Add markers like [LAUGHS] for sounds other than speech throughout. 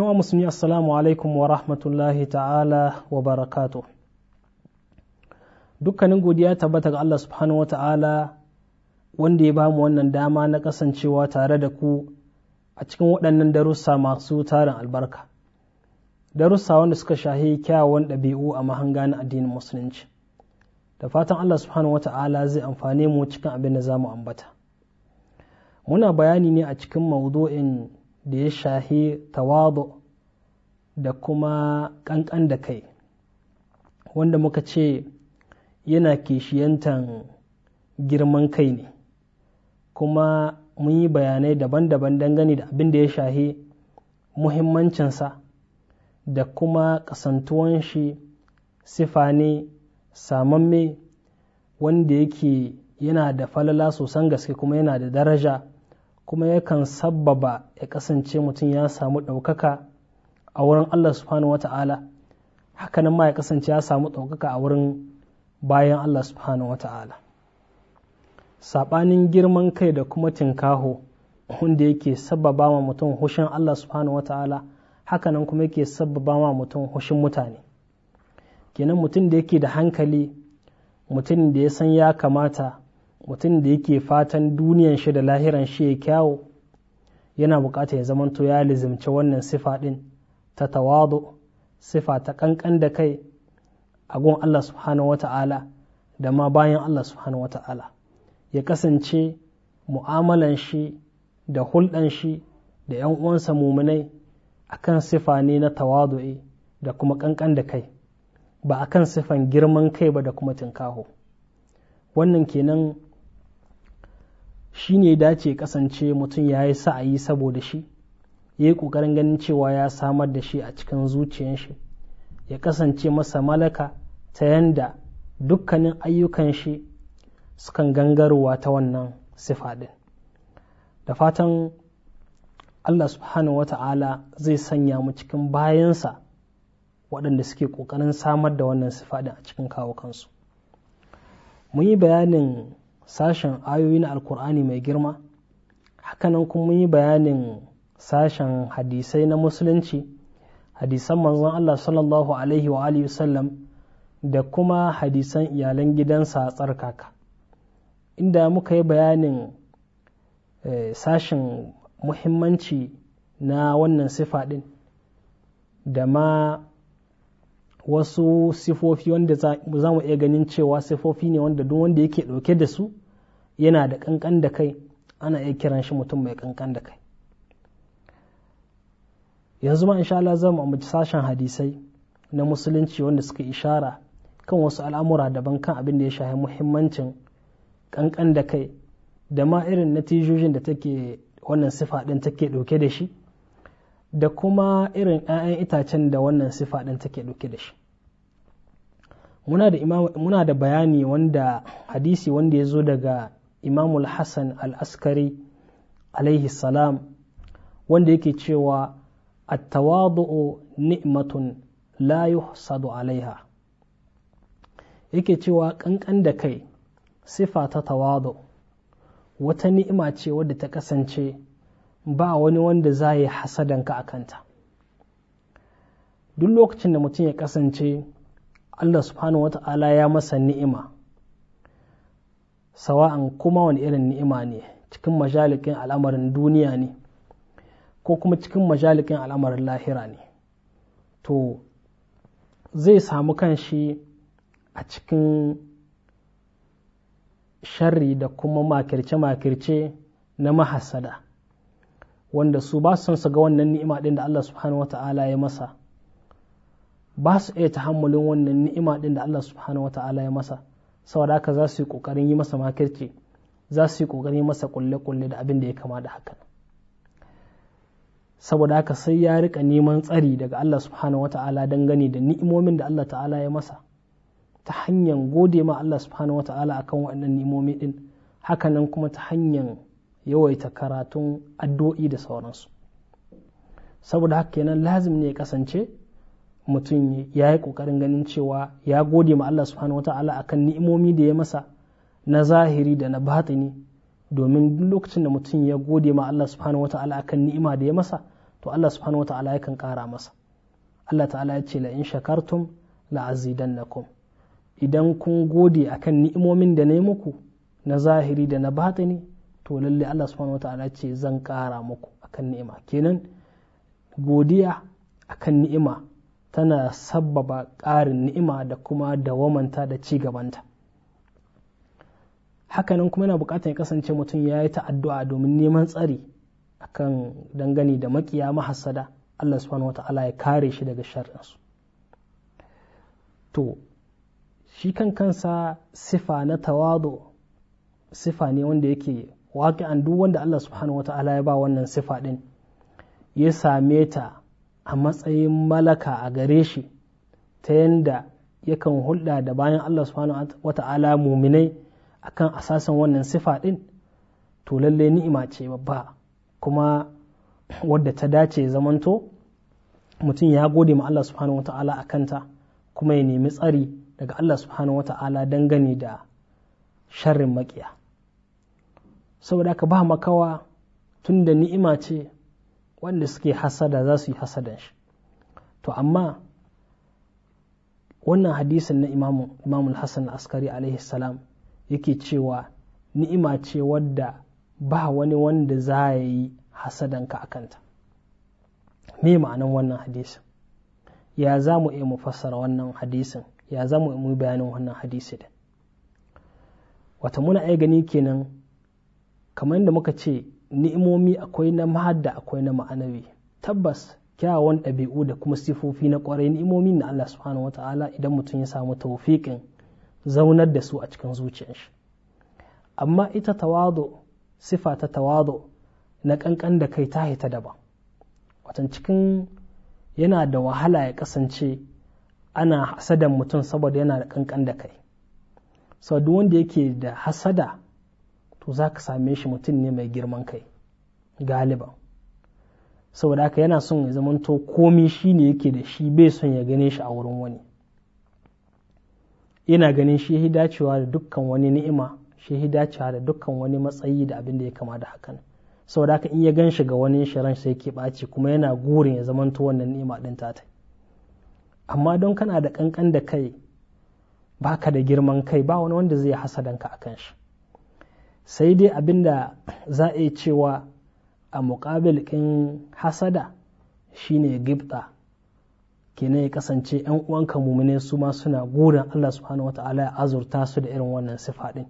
wa musulmi assalamu alaikum wa rahmatullahi ta'ala wa barakato. dukkanin godiya tabbata ga Allah subhanahu wa ta'ala wanda ya bamu wannan dama na kasancewa tare da ku a cikin waɗannan darussa masu tarin albarka darussa wanda suka shahi kyawawan ɗabi'u a mahanga na addinin musulunci da fatan Allah subhanahu wa ta'ala zai amfane mu cikin abin da za mu ambata muna bayani ne a cikin maudu'in da ya shahi tawadu da kuma ƙanƙan da kai wanda muka ce yana kishiyantan girman kai ne kuma mun yi bayanai daban-daban dangane da abin da ya shahi muhimmancinsa da kuma kasantuwan shi sifa ne samamme wanda yake yana da falala sosan gaske kuma yana da daraja kuma yakan sabbaba ya kasance mutum ya samu ɗaukaka a wurin Allah subhanahu wa ta'ala hakanan ma ya kasance ya samu ɗaukaka a wurin bayan Allah subhanahu wa ta'ala saɓanin girman kai da kuma tinkaho wanda yake sabbaba ma mutum hushin Allah subhanahu wa ta'ala hakanan kuma yake sabbaba ma mutum hushin mutane kenan mutum da yake da hankali mutum da ya san ya kamata mutum da yake fatan duniyan shi da lahiran shi ya kyawo yana bukata ya zamanto ya lizimci wannan sifa ɗin ta tawadu sifa ta kankan da kai a gun Allah subhanahu wa ta'ala da ma bayan Allah subhanahu wa ta'ala ya kasance mu'amalan shi da hulɗan shi da ‘yan uwansa muminai akan sifa ne na tawadu'i da kuma kankan da kai ba akan sifan girman kai ba da kuma tinkaho wannan kenan shi ne dace kasance mutum ya yi sa'ayi saboda shi ya yi ƙoƙarin ganin cewa ya samar da shi a cikin zuciyan shi ya kasance masa malaka ta yanda dukkanin ayyukan shi sukan gangarowa ta wannan sifa da fatan Allah subhanahu wa ta'ala zai sanya mu cikin bayansa waɗanda suke ƙoƙarin samar da wannan sifa a cikin kawo mun yi bayanin sashen ayoyi na alkur'ani mai girma hakanan kuma mun yi bayanin sashen hadisai na musulunci hadisan manzon Allah sallallahu alaihi wa alihi sallam da kuma hadisan iyalan gidansa tsarkaka inda muka yi bayanin eh, sashen muhimmanci na wannan sifa din da ma wasu sifofi wanda za mu iya ganin cewa sifofi ne wanda duk wanda yake ɗauke da su yana da ƙanƙan da kai ana iya kiran shi mutum mai ƙanƙan da kai yanzu ma insha Allah mu ambaci sashen hadisai na musulunci wanda suka ishara kan wasu al'amura daban kan abin da ya shahi muhimmancin ƙanƙan da kai da ma irin natijojin da take wannan sifa ɗin take ɗauke da shi da kuma irin 'ya'yan itacen da wannan sifa ɗin take ɗauke da shi muna da bayani wanda hadisi wanda ya zo daga imamul hassan al-askari alaihi salam wanda yake cewa attawadu'u ni'matun la yuhsadu alaiha yake cewa ƙanƙan da kai sifa ta tawadu wata ni'ima ce wadda ta kasance ba wani wanda za yi hasadanka a kanta duk lokacin da mutum ya kasance Allah subhanahu ta'ala ya masa ni'ima sawa'an kuma wani irin ni'ima ne cikin majalikin al'amarin duniya ne ko kuma cikin majalikin al'amarin lahira ne to zai samu kanshi a cikin sharri da kuma makirce-makirce na mahasada wanda su ba su son ga wannan ni'ima ɗin da Allah subhanahu wata'ala ya masa ba su iya tahammulin wannan ni'ima ɗin da Allah subhanahu wata'ala ya masa saboda haka za su yi ƙoƙarin yi masa makirci za su yi ƙoƙarin yi masa kulle-kulle da abin da ya kama da haka saboda haka sai ya rika neman tsari daga Allah subhanahu wata'ala dangane da ni'imomin da Allah ta'ala ya masa ta hanyar gode ma Allah subhanahu wata'ala akan waɗannan ni'imomi ɗin hakanan kuma ta hanyar yawaita karatun addu'o'i da sauransu saboda haka kenan lazim ne ya kasance mutum ya yi ƙoƙarin ganin cewa ya gode ma Allah subhanahu wa ta'ala akan ni'imomi da ya masa na zahiri da na batini domin duk lokacin da mutum ya gode ma Allah subhanahu wa ta'ala akan ni'ima da ya masa to Allah subhanahu wa ta'ala yakan ƙara masa Allah ta'ala ya ce la in shakartum la azidannakum idan kun gode akan ni'imomin da na yi muku na zahiri da na batini to lalle Allah subhanahu wata'ala ce zan ƙara muku akan ni'ima kenan godiya akan ni'ima tana sababa ƙarin ni'ima da kuma dawamanta da ci gabanta hakanan kuma yana buƙatar ya kasance mutum ya yi ta'addu'a domin neman tsari akan dangane da makiya mahassada Allah subhanahu wata'ala ya kare shi daga sharrinsu to shi kan kansa sifa na tawadu sifa ne wanda yake waƙi an duk wanda Allah subhanahu wa ta'ala ya ba wannan sifa ɗin ya same ta a matsayin malaka a gare shi ta yanda yakan hulɗa da bayan Allah subhanahu wa ta'ala muminai akan asasin wannan sifa ɗin to lalle ni'ima ce babba kuma wadda ta dace zamanto mutum ya gode ma Allah subhanahu wa ta'ala a kanta kuma ya nemi tsari daga Allah subhanahu wa ta'ala dangane da sharrin maƙiya. saboda aka ba makawa tun da ni'ima ce wanda suke hasada za su yi hasadan shi to amma wannan hadisin na imamu hassan askari alaihi salam yake cewa ni'ima ce wadda ba wani wanda za ya yi hasadanka a kanta me ma'anan wannan hadisin ya za mu iya fassara wannan hadisin ya za mu iya bayanin wannan hadisi da wata muna ai gani kenan kamar yadda muka ce ni'imomi akwai na mahadda akwai na ma'anawi tabbas kyawawan ɗabi'u da kuma sifofi na ƙwarai ni'imomi na Allah subhanahu wata'ala idan mutum ya samu taufiƙin zaunar da su a cikin zuciyar shi amma ita tawadu sifa ta tawadu na ƙanƙan da kai ta hita daban watan cikin yana da wahala ya kasance ana hasadan mutum saboda yana da ƙanƙan da kai sau duk wanda yake da hasada to za ka same shi mutum ne mai girman kai galiban saboda haka yana son ya zamanto komi shi ne yake da shi bai son ya gane shi a wurin wani yana ganin shi ya dacewa da dukkan wani ni'ima shi ya dacewa da dukkan wani matsayi da abin da ya kama da hakan saboda haka in ya gan shi ga wani shirin sai ke ɓaci kuma yana gurin ya zamanto wannan ni'ima ɗin ta ta amma don kana da kankan da kai Ba ka da girman kai ba wani wanda zai hasadanka a kan shi sai dai abinda za a yi cewa a mukabil hasada shine gibta kenan ya kasance yan uwanka mumune su ma suna gurin Allah subhanahu wata'ala ya azurta su da irin wannan sifa din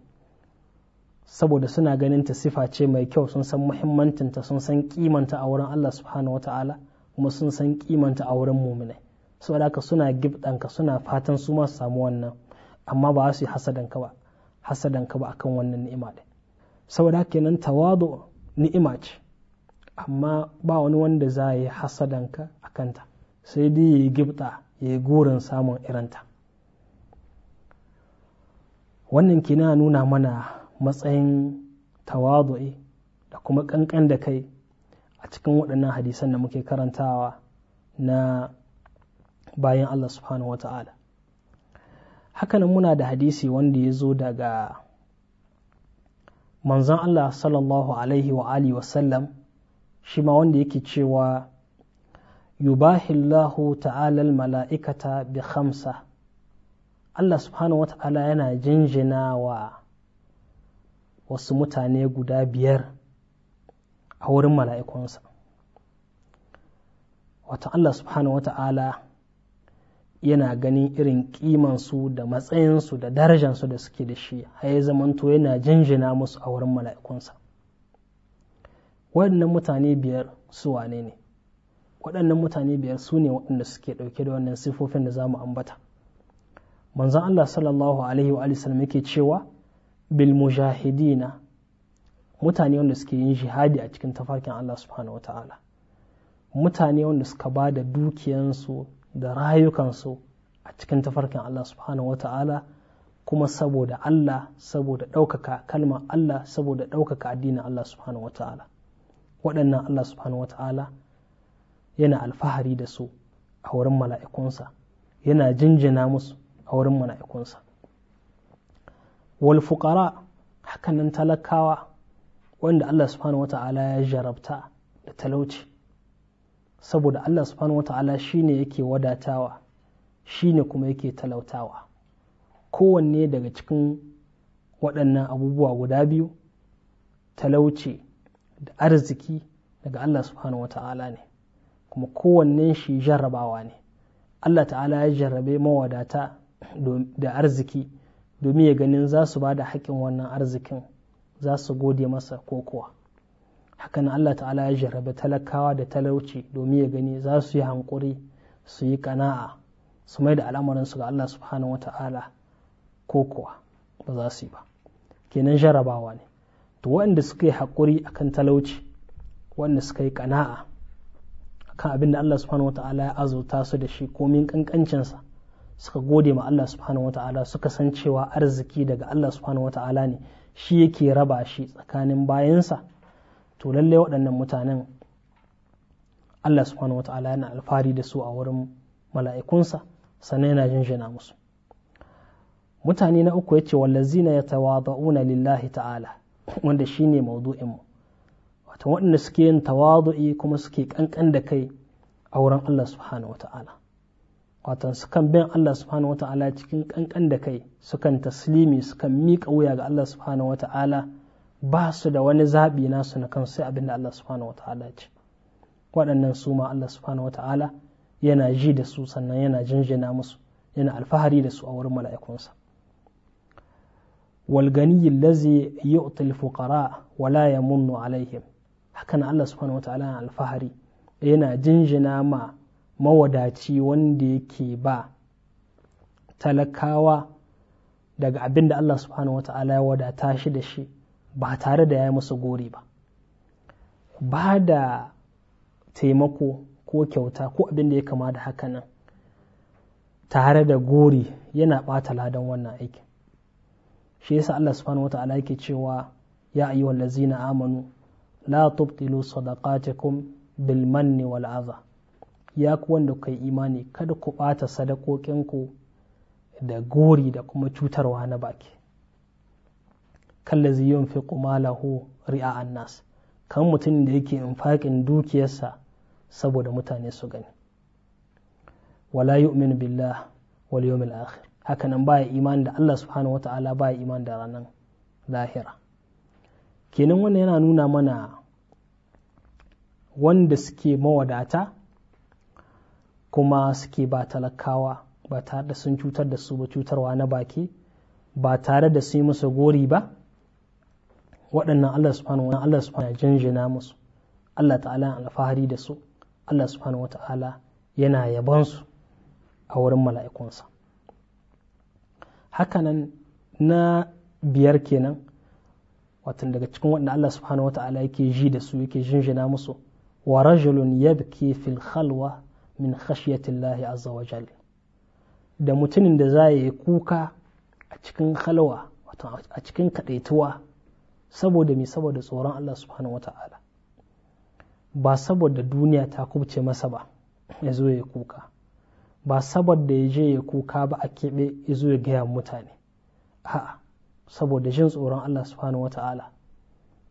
saboda suna ganin ta sifa ce mai kyau sun san muhimmancinta sun san kimanta a wurin Allah subhanahu wata'ala kuma sun san kimanta a wurin mumune saboda haka suna ka suna fatan su ma su samu wannan amma ba su yi ka ba hasadanka ba akan wannan ni'ima din saboda kenan tawadu ni'ima ce amma ba wani wanda za yi hasadanka a kanta sai dai ya yi gibta ya yi gurin samun irinta wannan kina nuna mana matsayin tawadu'i da kuma kankan da kai a cikin waɗannan hadisan da muke karantawa na bayan Allah subhanahu wa ta'ala hakanan muna da hadisi wanda ya zo daga manzon Allah sallallahu alaihi wa alihi wasallam shi ma wanda yake cewa yubahillahu ta'alal mala'ikata bi khamsa Allah subhanahu wa ta'ala yana jinjina wa wasu mutane guda biyar a wurin mala'ikunsa wata Allah subhanahu wa ta'ala yana ganin irin kimansu da matsayinsu da darajansu da suke da shi ya zamanto yana jinjina musu a wurin mala'ikunsa waɗannan mutane biyar su wane ne waɗannan mutane biyar su ne waɗanda suke ɗauke da wannan sifofin da za mu ambata manzan Allah sallallahu alaihi wa sallam yake cewa bil mujahidina mutane wanda suke yin jihadi a cikin tafarkin Allah subhanahu ta'ala mutane wanda suka ba da dukiyansu da rayukansu a cikin tafarkin Allah subhanahu wa ta'ala kuma saboda Allah saboda ɗaukaka kalmar Allah saboda ɗaukaka addinin Allah subhanahu wa ta'ala waɗannan Allah subhanahu wa ta'ala yana alfahari da su a wurin mala'ikunsa yana jinjina musu a wurin mala'ikunsa wal hakanan talakawa wanda Allah subhanahu wa ta'ala ya jarabta da talauci saboda Allah subhanahu wata'ala shine yake wadatawa shine kuma yake talautawa kowanne daga cikin waɗannan abubuwa guda biyu talauci da arziki daga Allah subhanahu wata'ala ne kuma kowanne shi jarrabawa ne Allah ta'ala ya jarrabe mawadata da arziki domin ya ganin za su ba da haƙƙin wannan arzikin za su gode masa ko hakan Allah ta'ala ya jarraba talakawa da talauci domin ya gani za su yi hankuri su yi kana'a su mai da su ga Allah subhanahu wa ta'ala ko kuwa ba za su yi ba kenan jarrabawa ne to waɗanda suka yi hakuri akan talauci waɗanda suka yi kana'a akan abin da Allah subhanahu wa ta'ala ya azurta su da shi komin kankancinsa suka gode ma Allah subhanahu wa ta'ala suka san cewa arziki daga Allah subhanahu wa ta'ala ne shi yake raba shi tsakanin bayansa to lalle waɗannan mutanen Allah subhanahu wa ta'ala yana alfari da su a wurin mala'ikunsa sannan yana jinjina musu mutane na uku yace wallazina yatawada'una lillahi ta'ala [LAUGHS] wanda shine mawdu'in mu wato waɗanda suke yin tawadu'i kuma suke kankan da kai a wurin Allah subhanahu wa ta'ala wato sukan bin Allah subhanahu wa ta'ala cikin kankan da kai sukan taslimi sukan miƙa wuya ga Allah subhanahu wa ta'ala ba su da wani zaɓi nasu na kansu sai abin da Allah subhanahu wa ta'ala ce waɗannan su ma Allah subhanahu wa ta'ala yana ji da su sannan yana jinjina musu yana alfahari da su a wurin mala'ikunsa walgani lazi yu'til fuqara wala yamunnu alaihim hakan Allah subhanahu wataala yana alfahari yana jinjina ma mawadaci wanda yake ba talakawa daga abin da Allah subhanahu wataala ya wadata shi da shi ba tare da ya yi musu gori ba ba da taimako ko kyauta ko abin da ya kama da haka nan tare da gori yana ɓata ladan wannan aikin shi yasa Allah subhanahu wata'ala yake cewa ya ayyuhal na amanu la tubtilu sadaqatikum bil manni wal adha ya ku wanda kai imani kada ku ɓata sadakokinku da gori da kuma cutarwa na baki kallazi yunfiqu malahu ri'a annas kan mutum da yake infaƙin dukiyarsa saboda mutane su gani wala yu'minu billah wal yawmil akhir hakanan baya iman da Allah subhanahu wata'ala baya iman da ranar lahira kenan wannan yana nuna mana wanda suke mawadata kuma suke ba talakawa ba tare da sun cutar da su ba cutarwa na baki ba tare da su yi musu gori ba waɗannan Allah subhanahu wa Allah subhanahu jinjina musu Allah ta'ala alfahari da su Allah subhanahu wa ta'ala yana yabon su a wurin mala'ikunsa hakanan na biyar kenan watan daga cikin waɗanda Allah subhanahu wa ta'ala yake ji da su yake jinjina musu wa rajulun yabki fil khalwa min khashiyatillahi azza wa jal da mutumin da za ya yi kuka a cikin halwa wato a cikin kaɗaituwa saboda me saboda tsoron Allah subhanahu wata'ala ba saboda duniya ta kubce masa ba ya zo ya kuka ba saboda ya je ya kuka ba a keɓe ya zo ya gaya mutane a'a saboda jin tsoron Allah subhanahu wata'ala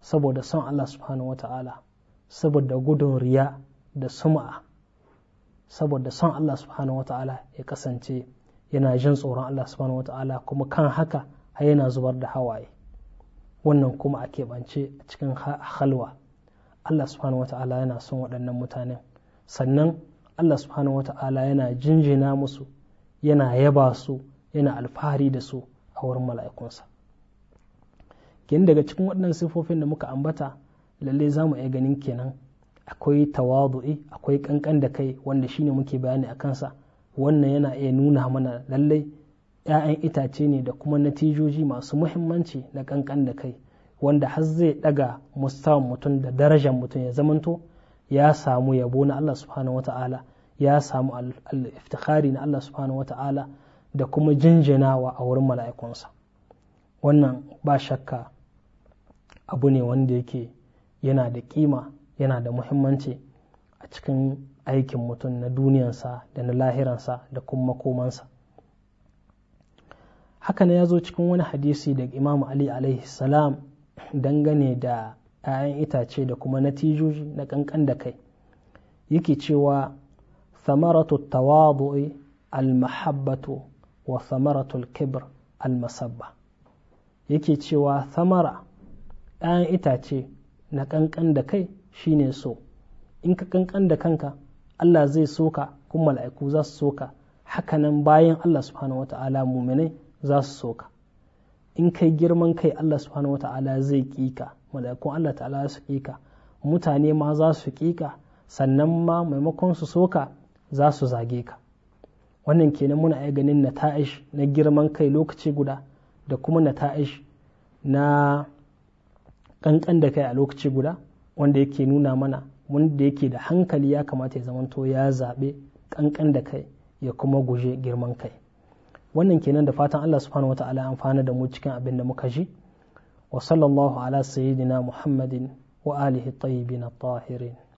saboda son Allah subhanahu wata'ala saboda gudun riya da sum'a saboda son Allah subhanahu wata'ala ya kasance yana jin tsoron Allah subhanahu wata'ala kuma kan haka har yana zubar da hawaye wannan kuma a keɓance a cikin halwa Allah subhanahu ta'ala yana son waɗannan mutanen sannan Allah subhanahu ta'ala yana jinjina musu yana yaba su yana alfahari da su a wurin mala'ikunsa kin daga cikin waɗannan sifofin da muka ambata lalle za mu iya ganin kenan akwai tawadu'i akwai kankan da kai wanda shine muke bayani a kansa wannan yana iya nuna mana lallai ‘ya'yan itace ne da kuma natijoji masu muhimmanci na kankan da kai wanda har zai ɗaga musamman mutum da darajar mutum ya zamanto ya samu yabo na Allah subhanahu wata'ala ya samu iftikhari na Allah subhanahu wata'ala da kuma jinjinawa a wurin mala'ikunsa wannan ba shakka abu ne wanda yake yana da kima yana da muhimmanci a cikin aikin mutum na duniyansa da na lahiransa da kuma makomansa haka ya zo cikin wani hadisi daga imamu ali alaihi salam dangane da 'ya'yan itace da kuma natijoji na kankan da kai yake cewa samaratu tawadu'i almahabbatu wa samaratul kibr almasabba yake cewa samara 'ya'yan itace na kankan da kai shine so in ka kankan da kanka Allah zai soka kuma mala'iku za su soka hakanan bayan Allah subhanahu wata'ala muminai za su so ka in kai girman kai Allah subhanahu wata'ala zai kika mala'ikun Allah ta'ala su kika mutane ma za su kika sannan ma maimakon su so ka za su zage ka wannan kenan muna iya ganin Ta'ish na girman kai lokaci guda da kuma Na Ta'ish na kankan da kai a lokaci guda wanda yake nuna mana wanda yake da hankali ya kamata ya zamanto ya zaɓe kankan da kai ya kuma guje girman kai wannan kenan da fatan Allah subhanahu wataala amfana da mu cikin abin da muka ji wa sallallahu ala sayyidina muhammadin wa alihi tayyibin at-tahirin